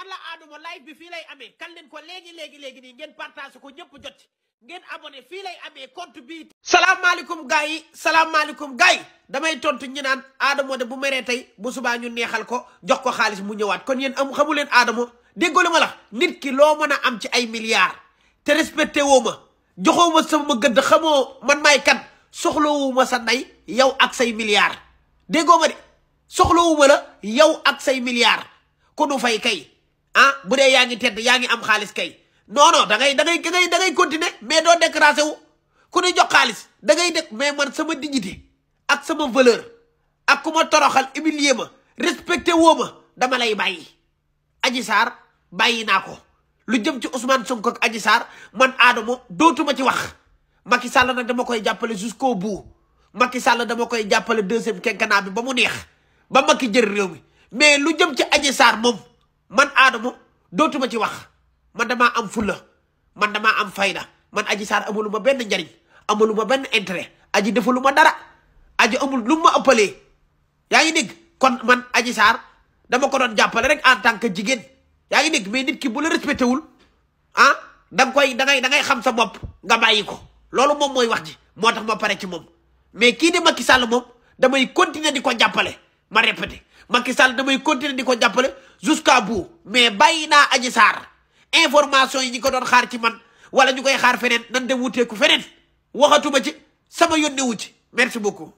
alla aaduma live bi fii lay amee kan leen ko léegi léegi léegi nii ngeen partage ko ñëpp jot ngeen abonné fii lay amee compte bi salaamaaleykum gars yi salaamaaleykum gars yi damay tontu ñi naan aadamo de bu meree tey bu subaa ñu neexal ko jox ko xaalis mu ñëwaat kon yéen am xamu leen aadamo la ma la nit ki loo mën a am ci ay milliards te respecté woo ma ma sama gëdd xamoo man maay kan soxlawu ma sa ndey yow ak say milliards déggoo ma de soxlawu la yow ak say milliards ku nu fay ah bu dee yaa ngi tedd yaa ngi am xaalis kay non non da ngay da ngay da ngay da ngay mais doo décrassé wu ku ne jox xaalis da ngay def mais man sama dignité ak sama valeur ak ku ma toroxal humilier ma respecté woo ma dama lay bàyyi. Adji Sarr bàyyi naa ko lu jëm ci Ousmane Sonko ak Adji Sarr man Adamo dootuma ci wax Macky Sall nag dama koy jàppale ko bu bout Macky Sall dama koy jàppale deuxième quinquennat bi ba mu neex ba Macky jër réew mi mais lu jëm ci Adji Sarr moom. man aadama dootuma ci wax man damaa am fulla man damaa am fayda man aji saar amalu ma benn njariñ amalu ma benn intérêt aji defalu ma dara aji amul lu ma ëppalee yaa ngi dégg kon man aji saar dama ko doon jàppale rek en tant que jigéen yaa ngi dégg mais nit ki bu la respecté ah da koy da da ngay xam sa mopp nga bàyyi ko loolu moom mooy wax ji moo tax ma pare ci moom mais kii ma Macky Sall moom damay continuer di ko jàppale ma répété Macky Sall damay continuer di ko jàppale jusqu'à bout mais bàyyi naa Adji Sarr information yi ñi ko doon xaar ci man wala ñu koy xaar feneen nan dem wuteeku feneen waxatuma ci sama yoon yónnewu ci merci beaucoup